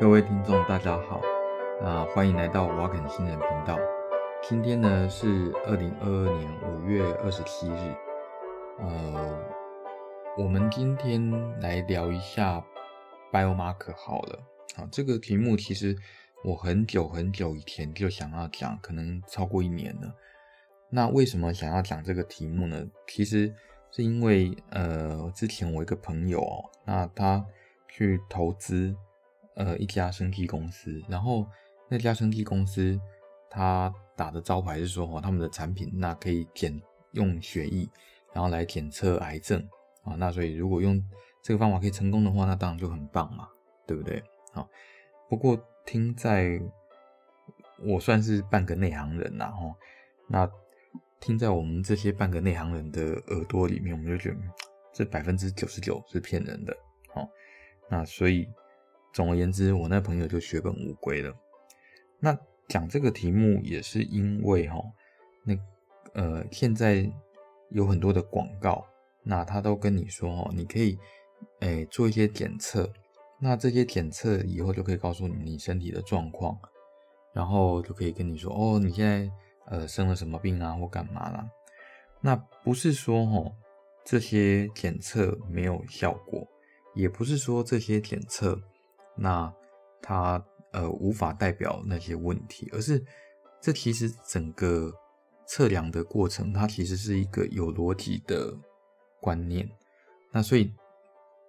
各位聽眾，大家好，那、呃、歡迎來到瓦肯星人頻道，今天呢是二零二二年五月二十七日，呃，我們今天來聊一下 biomarker 好了。啊，這個題目其實我很久很久以前就想要講，可能超過一年了。那為什麼想要講這個題目呢？其實是因為呃，之前我一個朋友、哦，那他去投資。呃，一家生技公司，然後那家生技公司，他打的招牌是說、哦、他們的產品那可以檢用血液，然後來檢測癌症啊、哦，那所以如果用這個方法可以成功的話，那當然就很棒嘛，對不對？啊、哦，不過聽在我算是半個內行人啦。哦，那聽在我們這些半個內行人的耳朵裡面，我們就覺得這百分之九十九是騙人的，哦，那所以。總而言之，我那朋友就血本無歸了。那講這個題目也是因為哈，那呃，現在有很多的廣告，那他都跟你說哦，你可以誒、欸、做一些檢測，那這些檢測以後就可以告訴你你身體的狀況，然後就可以跟你說哦，你現在呃生了什麼病啊或幹嘛啦。那不是說齁這些檢測沒有效果，也不是說這些檢測。那他呃無法代表那些問題，而是這其實整個測量的過程，它其實是一個有邏輯的觀念。那所以，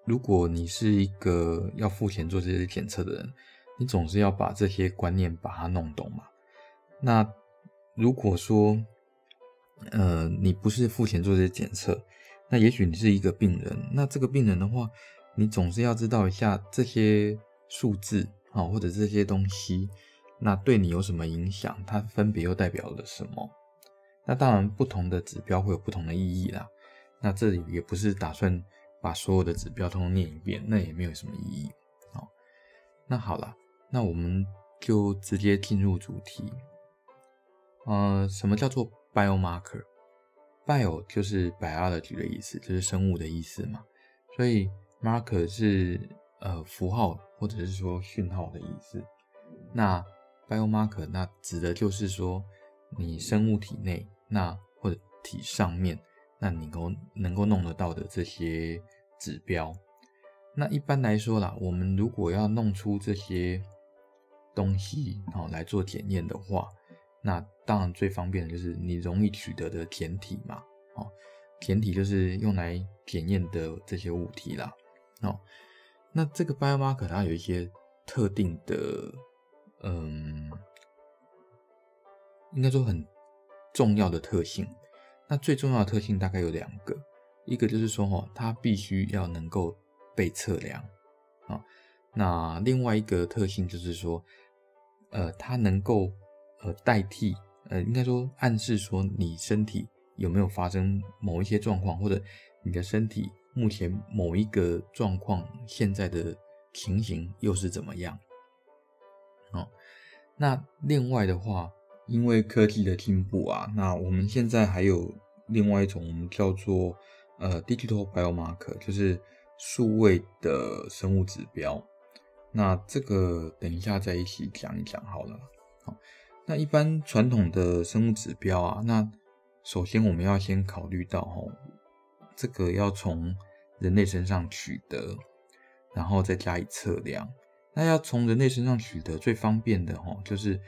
如果你是一個要付錢做這些檢測的人，你總是要把這些觀念把它弄懂嘛。那如果說呃你不是付錢做這些檢測，那也許你是一個病人，那這個病人的話，你總是要知道一下這些。數字啊，哦，或者這些東西，那對你有什麼影響？它分別又代表了什麼？那當然，不同的指標會有不同的意義啦。那這裡也不是打算把所有的指標都念一遍，那也沒有什麼意義。哦，那好了，那我們就直接進入主題。呃，什麼叫做 biomarker？Bio 就是 biology 的意思，就是生物的意思嘛。所以 marker 是呃，符號或者是說訊號的意思，那 biomarker 那指的就是說你生物體內那或者體上面，那你能夠能夠弄得到的這些指標。那一般來說啦，我們如果要弄出這些東西哦來做檢驗的話，那當然最方便的就是你容易取得的檢體嘛，哦，檢體就是用來檢驗的這些物體啦，哦。那這個 biomarker 它有一些特定的，嗯，應該說很重要的特性。那最重要的特性大概有兩個，一個就是說哦，它必須要能夠被測量啊。那另外一個特性就是說，呃，它能夠呃代替呃，應該說暗示說你身體有沒有發生某一些狀況，或者你的身體。目前某一個狀況，現在的情形又是怎麼樣？哦，那另外的話，因為科技的進步啊，那我們現在還有另外一種我們叫做呃 Digital Biomarker，就是數位的生物指標。那這個等一下再一起講一講好了。好，哦，那一般傳統的生物指標啊，那首先我們要先考慮到哦。這個要從人類身上取得，然後再加以測量。那要從人類身上取得最方便的吼、哦，就是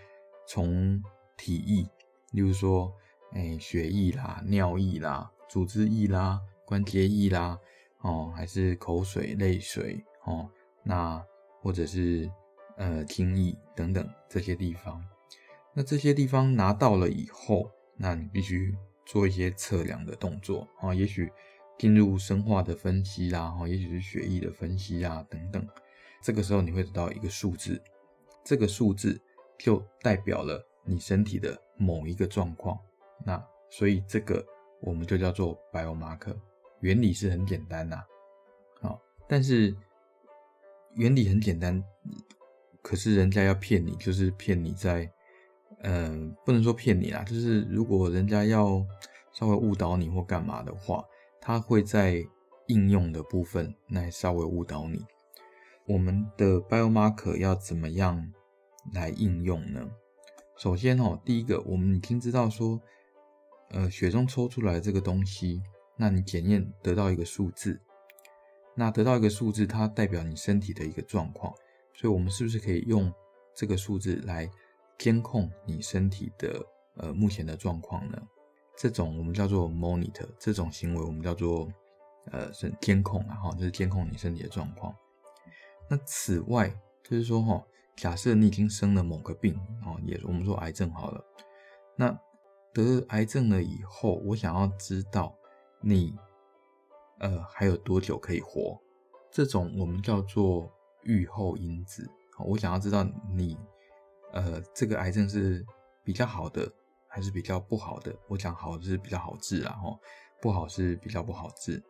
從體液，例如說，哎、欸，血液啦、尿液啦、組織液啦、關節液啦，哦，還是口水、淚水，哦，那或者是呃精液等等這些地方。那這些地方拿到了以後，那你必須做一些測量的動作啊、哦，也許。進入生化的分析啦，哈，也許是血液的分析啊，等等。這個時候你會得到一個數字，這個數字就代表了你身體的某一個狀況。那所以這個我們就叫做 Biomarker。原理是很簡單吶、啊，好，但是原理很簡單，可是人家要騙你，就是騙你在，嗯、呃，不能說騙你啦，就是如果人家要稍微誤導你或幹嘛的話。它會在應用的部分來稍微誤導你。我們的 biomarker 要怎麼樣來應用呢？首先哦，第一個，我們已經知道說，呃，血中抽出來這個東西，那你檢驗得到一個數字，那得到一個數字，它代表你身體的一個狀況。所以，我們是不是可以用這個數字來監控你身體的呃目前的狀況呢？這種我們叫做 monitor，這種行為我們叫做呃，監控啊，哈，就是監控你身體的狀況。那此外，就是說哈，假設你已經生了某個病啊，也我們說癌症好了，那得了癌症了以後，我想要知道你呃還有多久可以活，這種我們叫做預後因子啊，我想要知道你呃這個癌症是比較好的。還是比較不好的。我講好是比較好治啊，哦，不好是比較不好治。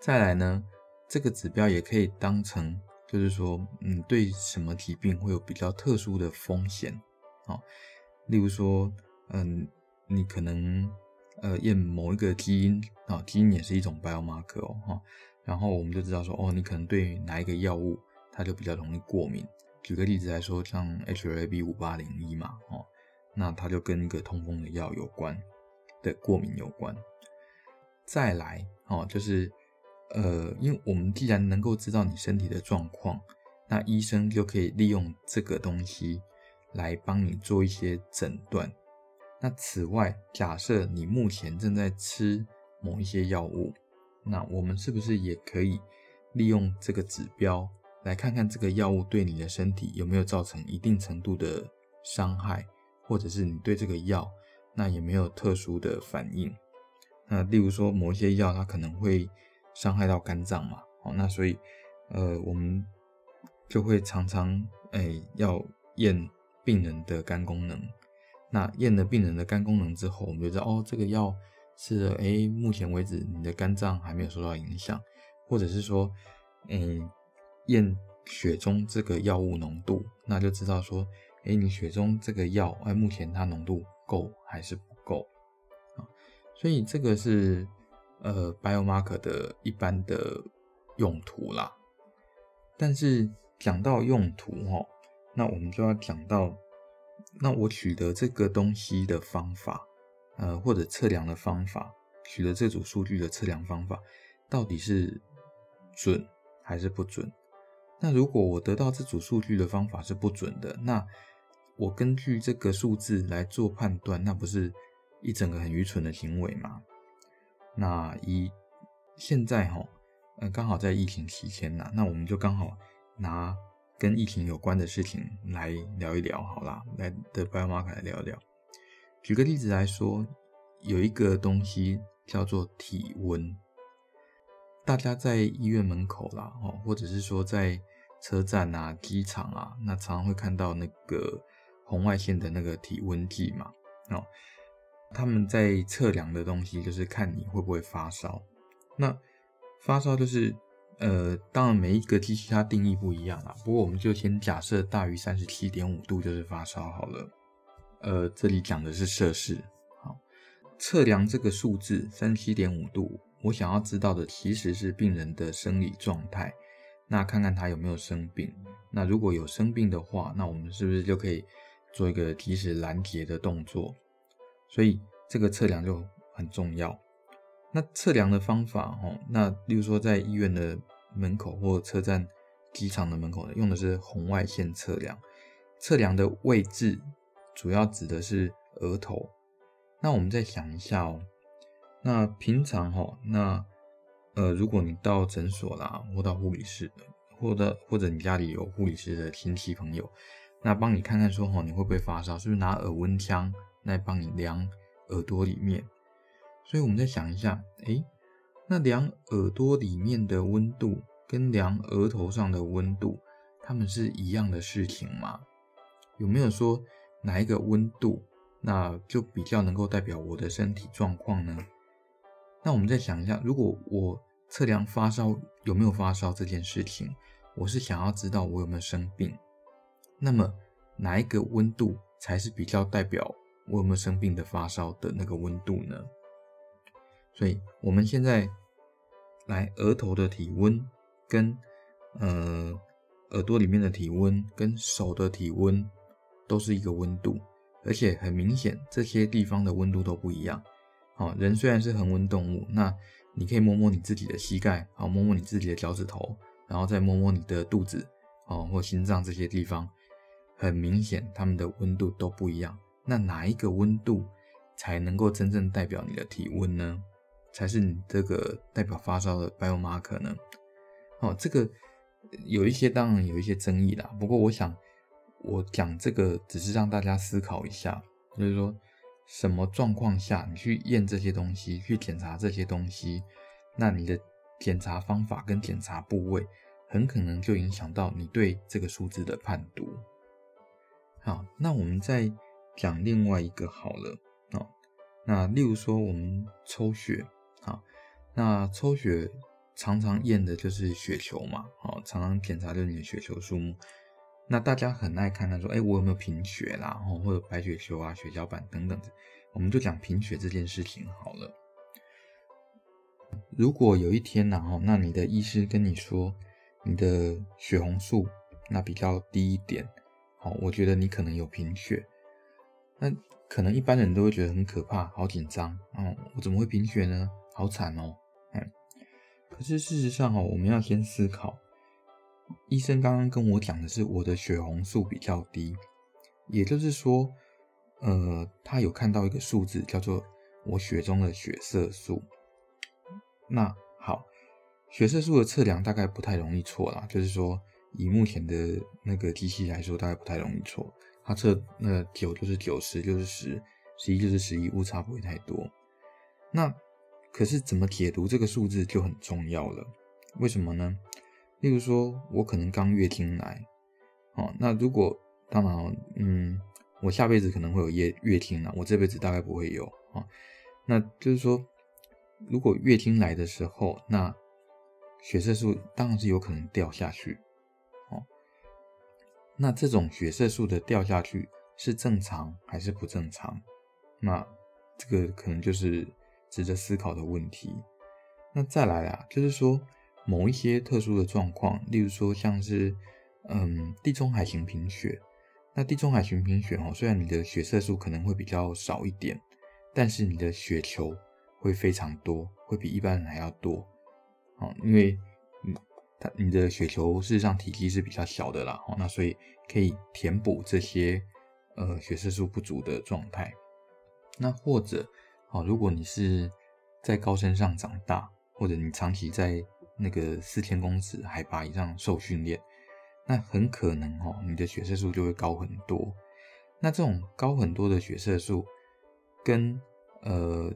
再來呢，這個指標也可以當成，就是說，你對什麼疾病會有比較特殊的風險啊，哦？例如說，嗯，呃，你可能呃驗某一個基因啊，哦，基因也是一種 biomarker，哦哦，然後我們就知道說，哦，你可能對哪一個藥物它就比較容易過敏。舉個例子來說，像 HLA B 五八零一嘛，哦。那它就跟一個痛風的藥有關，對，過敏有關。再來哦，就是呃，因為我們既然能夠知道你身體的狀況，那醫生就可以利用這個東西來幫你做一些診斷。那此外，假設你目前正在吃某一些藥物，那我們是不是也可以利用這個指標來看看這個藥物對你的身體有沒有造成一定程度的傷害？或者是你對這個藥，那也沒有特殊的反應。那例如說某一些藥，它可能會傷害到肝臟嘛，好，那所以呃，我們就會常常誒、欸、要驗病人的肝功能。那驗了病人的肝功能之後，我們就知道哦，這個藥是誒、欸，目前為止你的肝臟還沒有受到影響，或者是說嗯驗血中這個藥物濃度，那就知道說。哎，你血中這個藥，哎，目前它濃度夠還是不夠啊？所以這個是呃 biomarker 的一般的用途啦。但是講到用途，哦，那我們就要講到，那我取得這個東西的方法，呃，或者測量的方法，取得這組數據的測量方法，到底是準還是不準？那如果我得到這組數據的方法是不準的，那我根據這個數字來做判斷，那不是一整個很愚蠢的行為嗎？那以現在哈，嗯、呃，剛好在疫情期間吶，那我們就剛好拿跟疫情有關的事情來聊一聊好，好啦來 the biomarker 來聊一聊。舉個例子來說，有一個東西叫做體溫，大家在醫院門口啦，或者是說在車站啊、機場啊，那常常會看到那個。紅外線的那個體溫計嘛，哦，他們在測量的東西就是看你會不會發燒。那發燒就是，呃，當然每一個機器它定義不一樣啦。不過我們就先假設大於三十七點五度就是發燒好了。呃，這裡講的是攝氏。好，測量這個數字三十七點五度，我想要知道的其實是病人的生理狀態。那看看他有沒有生病。那如果有生病的話，那我們是不是就可以做一個及時攔截的動作，所以這個測量就很重要。那測量的方法哦、喔，那例如說在醫院的門口或車站、機場的門口，用的是紅外線測量。測量的位置主要指的是額頭。那我們再想一下哦、喔，那平常哦、喔，那呃，如果你到診所啦，或到護理室，或者或者你家裡有護理師的親戚朋友。那幫你看看說，吼你會不會發燒？是不是拿耳溫槍來幫你量耳朵裡面？所以我們再想一下，欸，那量耳朵裡面的溫度跟量額頭上的溫度，它們是一樣的事情嗎？有沒有說哪一個溫度，那就比較能夠代表我的身體狀況呢？那我們再想一下，如果我測量發燒有沒有發燒這件事情，我是想要知道我有沒有生病。那麼哪一個溫度才是比較代表我有沒有生病的發燒的那個溫度呢？所以我們現在來額頭的體溫跟呃耳朵裡面的體溫跟手的體溫都是一個溫度，而且很明顯這些地方的溫度都不一樣。哦，人雖然是恆溫動物，那你可以摸摸你自己的膝蓋，哦，摸摸你自己的腳趾頭，然後再摸摸你的肚子，哦，或心臟這些地方。很明顯，他們的溫度都不一樣。那哪一個溫度才能夠真正代表你的體溫呢？才是你這個代表發燒的 biomarker 呢？哦，這個有一些當然有一些爭議啦。不過我想，我講這個只是讓大家思考一下，就是說什麼狀況下你去驗這些東西，去檢查這些東西，那你的檢查方法跟檢查部位很可能就影響到你對這個數字的判讀。好，那我們再講另外一個好了啊，哦。那例如說我們抽血，啊，哦，那抽血常常驗的就是血球嘛，好，哦，常常檢查就是你的血球數目。那大家很愛看他說，哎，欸，我有沒有貧血啦，或者白血球啊、血小板等等的。我們就講貧血這件事情好了。如果有一天啊，然後，那你的醫師跟你說你的血紅素那比較低一點。哦，我覺得你可能有貧血，那可能一般人都會覺得很可怕，好緊張。嗯，我怎麼會貧血呢？好慘哦。嗯，可是事實上哦，我們要先思考，醫生剛剛跟我講的是我的血紅素比較低，也就是說，呃，他有看到一個數字叫做我血中的血色素。那好，血色素的測量大概不太容易錯啦，就是說。以目前的那個機器來說，大概不太容易錯。它測那九就是九，十就是十，十一就是十一，誤差不會太多。那可是怎麼解讀這個數字就很重要了。為什麼呢？例如說我可能剛月經來，哦，那如果當然，嗯，我下輩子可能會有月月經了，我這輩子大概不會有啊、哦。那就是說，如果月經來的時候，那血色素當然是有可能掉下去。那這種血色素的掉下去是正常還是不正常？那這個可能就是值得思考的問題。那再來啊，就是說某一些特殊的狀況，例如說像是嗯地中海型貧血。那地中海型貧血哦，雖然你的血色素可能會比較少一點，但是你的血球會非常多，會比一般人還要多。因為你的血球事實上體積是比較小的啦，那所以可以填補這些呃血色素不足的狀態。那或者哦，如果你是在高山上長大，或者你長期在那個四千公尺海拔以上受訓練，那很可能哦你的血色素就會高很多。那這種高很多的血色素跟呃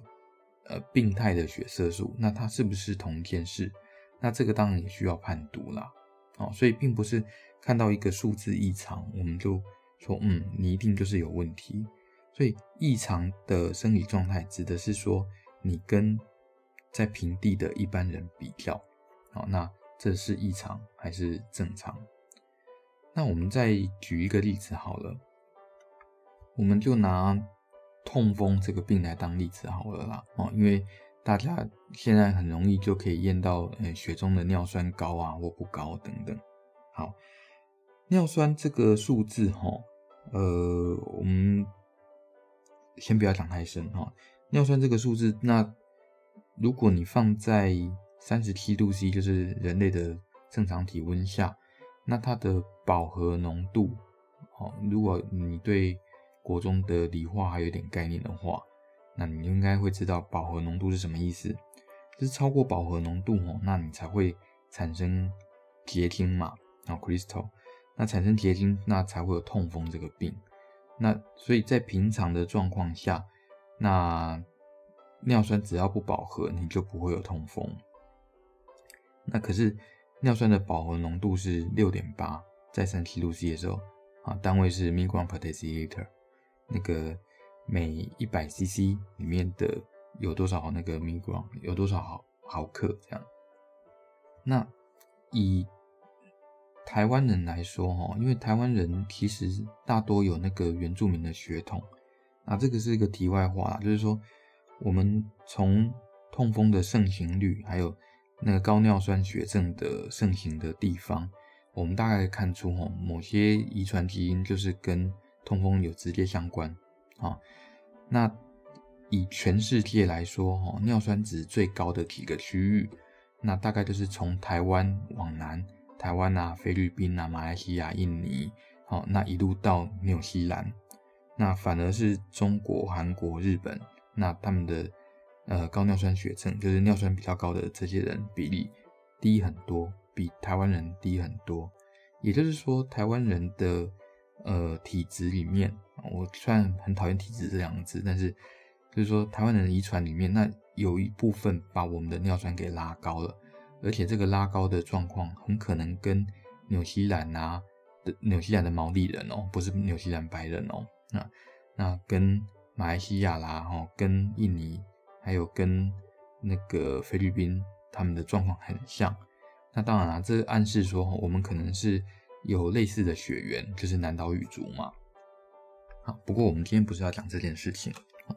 呃病態的血色素，那它是不是同一件事？那這個當然也需要判讀啦，哦，所以並不是看到一個數字異常，我們就說，嗯，你一定就是有問題。所以異常的生理狀態指的是說，你跟在平地的一般人比較，哦，那這是異常還是正常？那我們再舉一個例子好了，我們就拿痛風這個病來當例子好了啦，哦，因為。大家現在很容易就可以驗到，嗯、欸，血中的尿酸高啊或不高、啊、等等。好，尿酸這個數字哈，呃，我們先不要講太深哈。尿酸這個數字，那如果你放在三十七度 C，就是人類的正常體溫下，那它的飽和濃度，哦，如果你對國中的理化還有點概念的話。那你應該會知道飽和濃度是什麼意思，就是超過飽和濃度哦、喔，那你才會產生結晶嘛，然、no、後 crystal，那產生結晶，那才會有痛風這個病。那所以在平常的狀況下，那尿酸只要不飽和，你就不會有痛風。那可是尿酸的飽和濃度是六點八，在三十七度 C 的時候，啊，單位是 milligram per deciliter，那個。每一百 CC 裡面的有多少那個 microgram，有多少毫毫克這樣？那以台灣人來說，哈，因為台灣人其實大多有那個原住民的血統，那這個是一個題外話啦，就是說我們從痛風的盛行率，還有那個高尿酸血症的盛行的地方，我們大概看出，哈，某些遺傳基因就是跟痛風有直接相關。啊、哦，那以全世界來說，尿酸值最高的幾個區域，那大概就是從台灣往南，台灣啊、菲律賓啊、馬來西亞、印尼，好、哦，那一路到紐西蘭，那反而是中國、韓國、日本，那他們的呃高尿酸血症，就是尿酸比較高的這些人比例低很多，比台灣人低很多。也就是說，台灣人的呃體質裡面。我雖然很討厭體質這兩個字，但是就是說，台灣人的遺傳裡面，那有一部分把我們的尿酸給拉高了，而且這個拉高的狀況很可能跟紐西蘭啊，紐西蘭的毛利人哦，不是紐西蘭白人哦，那那跟馬來西亞啦，哦，跟印尼，還有跟那個菲律賓，他們的狀況很像。那當然了，這暗示說我們可能是有類似的血緣，就是南島語族嘛。不過我們今天不是要講這件事情，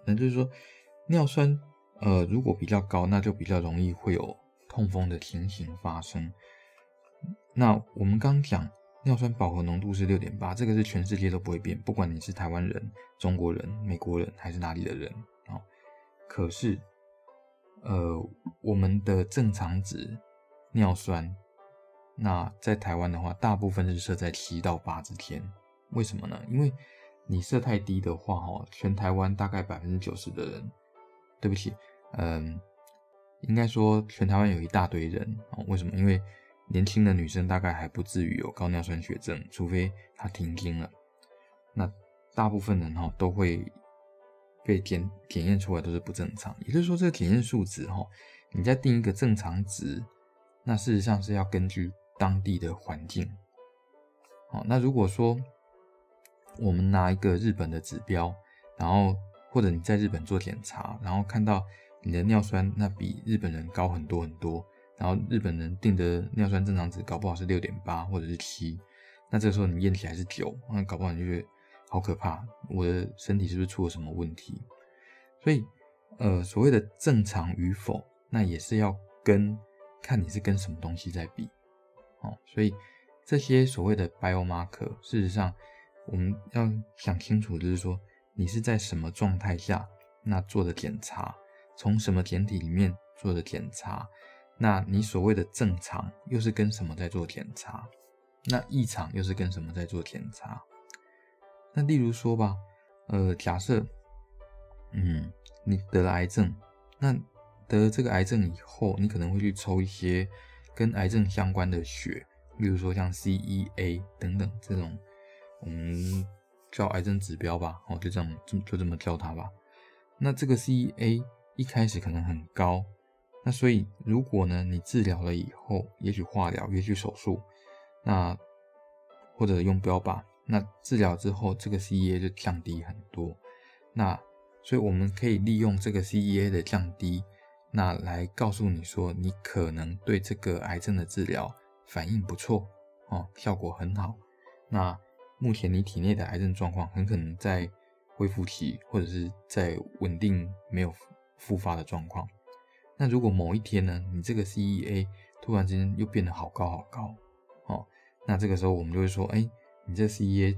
那就是說尿酸，呃，如果比較高，那就比較容易會有痛風的情形發生。那我們剛剛講尿酸飽和濃度是六點八，這個是全世界都不會變，不管你是台灣人、中國人、美國人還是哪裡的人，哦，可是，呃，我們的正常值尿酸，那在台灣的話，大部分是設在七到八之間。為什麼呢？因為你設太低的話，哦，全台灣大概百分之九十的人，對不起，嗯，應該說全台灣有一大堆人，為什麼？因為年輕的女生大概還不至於有高尿酸血症，除非她停經了。那大部分人哈都會被檢檢驗出來都是不正常，也就是說這個檢驗數值哈，你再定一個正常值，那事實上是要根據當地的環境。好，那如果說。我們拿一個日本的指標，然後或者你在日本做檢查，然後看到你的尿酸那比日本人高很多很多，然後日本人定的尿酸正常值搞不好是六點八或者是七，那這個時候你驗起來是九，那搞不好你就覺得好可怕，我的身體是不是出了什麼問題？所以，呃，所謂的正常與否，那也是要跟看你是跟什麼東西在比哦。所以這些所謂的 biomarker，事實上。我們要想清楚，就是說，你是在什麼狀態下，那做的檢查，從什麼檢體裡面做的檢查，那你所謂的正常又是跟什麼在做檢查？那異常又是跟什麼在做檢查？那例如說吧，呃，假設，嗯，你得了癌症，那得了這個癌症以後，你可能會去抽一些跟癌症相關的血，例如說像 CEA 等等這種。我、嗯、們叫癌症指標吧，哦，就這樣，就就這麼叫它吧。那這個 C E A 一開始可能很高，那所以如果呢你治療了以後，也許化療，也許手術，那或者用標靶，那治療之後這個 C E A 就降低很多，那所以我們可以利用這個 C E A 的降低，那來告訴你說你可能對這個癌症的治療反應不錯哦，效果很好，那。目前你體內的癌症狀況很可能在恢復期，或者是在穩定、沒有複發的狀況。那如果某一天呢，你這個 CEA 突然間又變得好高好高，哦，那這個時候我們就會說，哎，你這個 CEA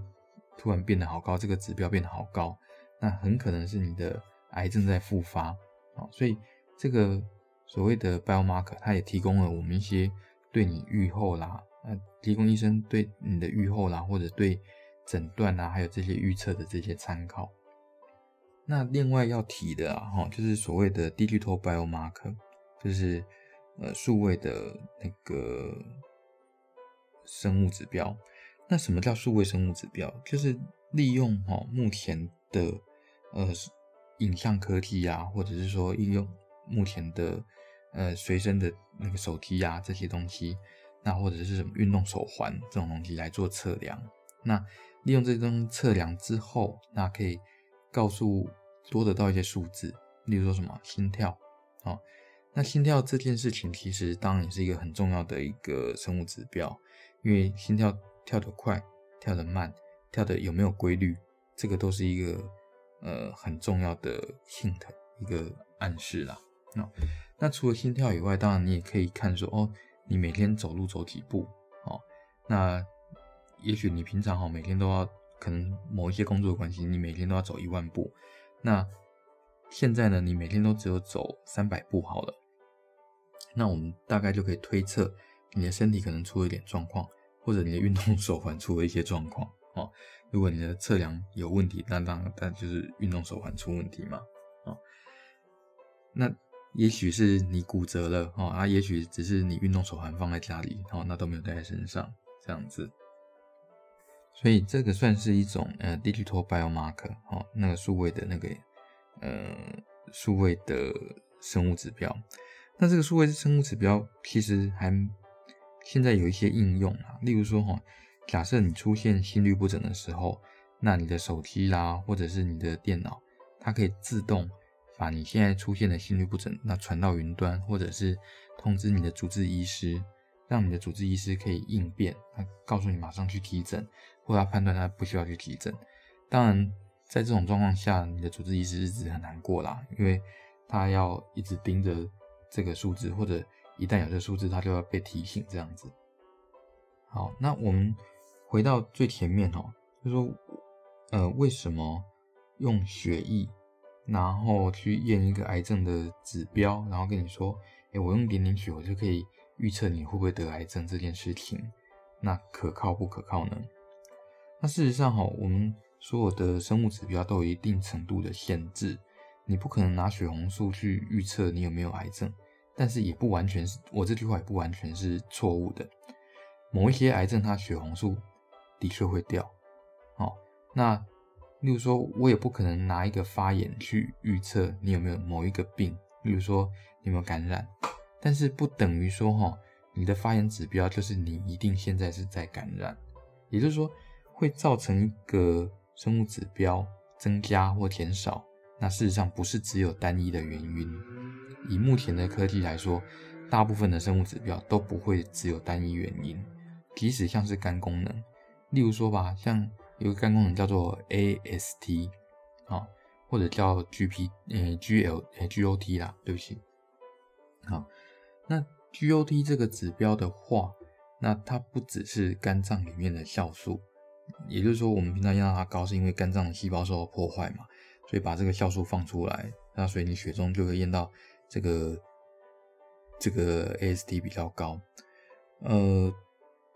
突然變得好高，這個指標變得好高，那很可能是你的癌症在複發啊、哦。所以這個所謂的 biomarker，它也提供了我們一些對你預後啦。呃，提供醫生對你的預後啦，或者對診斷啊，還有這些預測的這些參考。那另外要提的啊，哈，就是所謂的 digital biomarker，就是呃數位的那個生物指標。那什麼叫數位生物指標？就是利用哈目前的呃影像科技啊，或者是說應用目前的呃隨身的那個手機啊，這些東西。那或者是什麼運動手環這種東西來做測量，那利用這種測量之後，那可以告訴多得到一些數字，例如說什麼心跳啊、哦，那心跳這件事情其實當然也是一個很重要的一個生物指標，因為心跳跳得快、跳得慢、跳得有沒有規律，這個都是一個呃很重要的 hint 一個暗示啦。那、哦、那除了心跳以外，當然你也可以看說哦。你每天走路走幾步哦，那也許你平常哈每天都要，可能某一些工作的關係，你每天都要走一萬步。那現在呢，你每天都只有走三百步好了。那我們大概就可以推測，你的身體可能出了一點狀況，或者你的運動手環出了一些狀況哦，如果你的測量有問題，那當然那就是運動手環出問題嘛哦，那。也許是你骨折了，哦啊，也許只是你運動手環放在家裡，哦，那都沒有帶在身上這樣子，所以這個算是一種呃，digital biomarker，哦，那個數位的那個呃，數位的生物指標。那這個數位的生物指標其實還現在有一些應用啊，例如說，假設你出現心律不整的時候，那你的手機啦、啊，或者是你的電腦，它可以自動。把你現在出現的心律不整，那傳到雲端，或者是通知你的主治醫師，讓你的主治醫師可以應變，他告訴你馬上去急診，或者要判斷他不需要去急診。當然，在這種狀況下，你的主治醫師日子很難過啦，因為他要一直盯着這個數字，或者一旦有這數字，他就要被提醒。這樣子。好，那我們回到最前面哦、喔，就是、說，呃，為什麼用血液？然後去驗一個癌症的指標，然後跟你說，誒，我用點點血，我就可以預測你會不會得癌症這件事情，那可靠不可靠呢？那事實上哈，我們所有的生物指標都有一定程度的限制，你不可能拿血紅素去預測你有沒有癌症，但是也不完全是，我這句話也不完全是錯誤的，某一些癌症它血紅素的確會掉，哦，那。例如說，我也不可能拿一個發炎去預測你有沒有某一個病，例如說你有沒有感染，但是不等於說哈，你的發炎指標就是你一定現在是在感染，也就是說會造成一個生物指標增加或減少。那事實上不是只有單一的原因，以目前的科技來說，大部分的生物指標都不會只有單一原因，即使像是肝功能，例如說吧，像。有個肝功能叫做 AST 啊、哦，或者叫 GP 嗯、欸、GL 呃、欸、GOT 啦，對不起好，那 GOT 這個指標的話，那它不只是肝臟裡面的酵素，也就是說我們平常要到它高，是因為肝臟的細胞受到破壞嘛，所以把這個酵素放出來，那所以你血中就會驗到這個這個 AST 比較高。呃，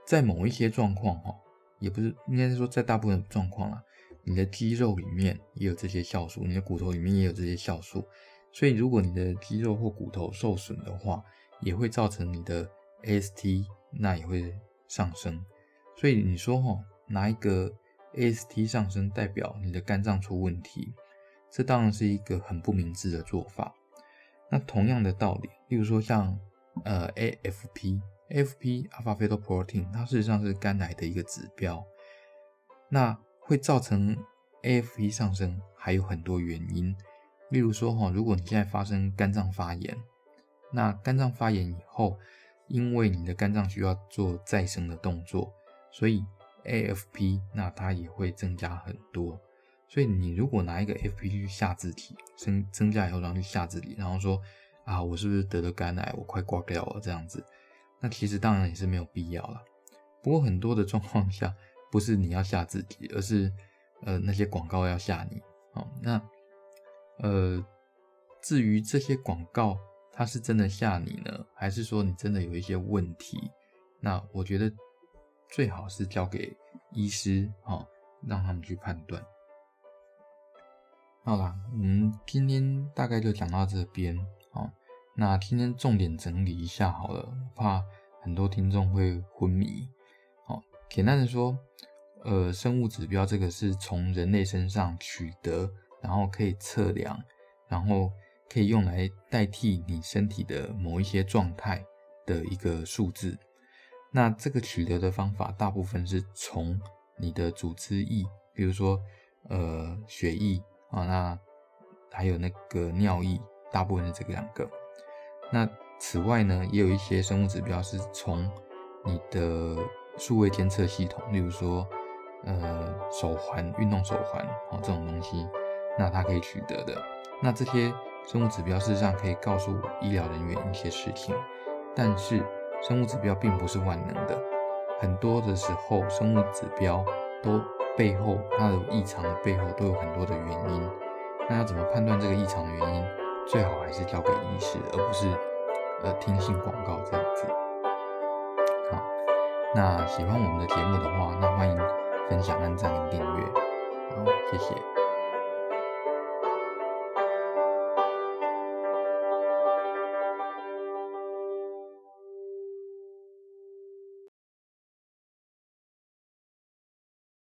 在某一些狀況哈、哦。也不是，應該是說在大部分狀況啦，你的肌肉裡面也有這些酵素，你的骨頭裡面也有這些酵素，所以如果你的肌肉或骨頭受損的話，也會造成你的 AST，那也會上升。所以你說哈，拿一個 AST 上升代表你的肝臟出問題，這當然是一個很不明智的做法。那同樣的道理，例如說像呃 AFP。AFP alpha-fetal protein，它事實上是肝癌的一個指標。那會造成 AFP 上升還有很多原因，例如說哈，如果你現在發生肝臟發炎，那肝臟發炎以後，因為你的肝臟需要做再生的動作，所以 AFP 那它也會增加很多。所以你如果拿一個 AFP 去下自體，增增加以後然後去下自體，然後說啊，我是不是得了肝癌？我快掛掉了這樣子。那其實當然也是沒有必要了。不過很多的狀況下，不是你要嚇自己，而是，呃，那些廣告要嚇你啊、哦。那，呃，至於這些廣告它是真的嚇你呢，還是說你真的有一些問題，那我覺得最好是交給醫師啊、哦，讓他們去判斷。好啦，我們今天大概就講到這邊啊。哦那今天重點整理一下好了，怕很多聽眾會昏迷。哦，簡單的說，呃，生物指標這個是從人類身上取得，然後可以測量，然後可以用來代替你身體的某一些狀態的一個數字。那這個取得的方法大部分是從你的組織液，比如說，呃，血液啊，那還有那個尿液，大部分是這個兩個。那此外呢，也有一些生物指標是從你的數位監測系統，例如說，呃，手環、運動手環，好、哦、這種東西，那它可以取得的。那這些生物指標事實上可以告訴醫療人員一些事情，但是生物指標並不是萬能的，很多的時候，生物指標都背後，它的異常的背後都有很多的原因。那要怎麼判斷這個異常的原因？最好還是交給醫師，而不是，呃，聽信廣告這樣子。好、啊，那喜歡我們的節目的話，那歡迎分享、按讚、跟訂閱，然、啊、後謝謝。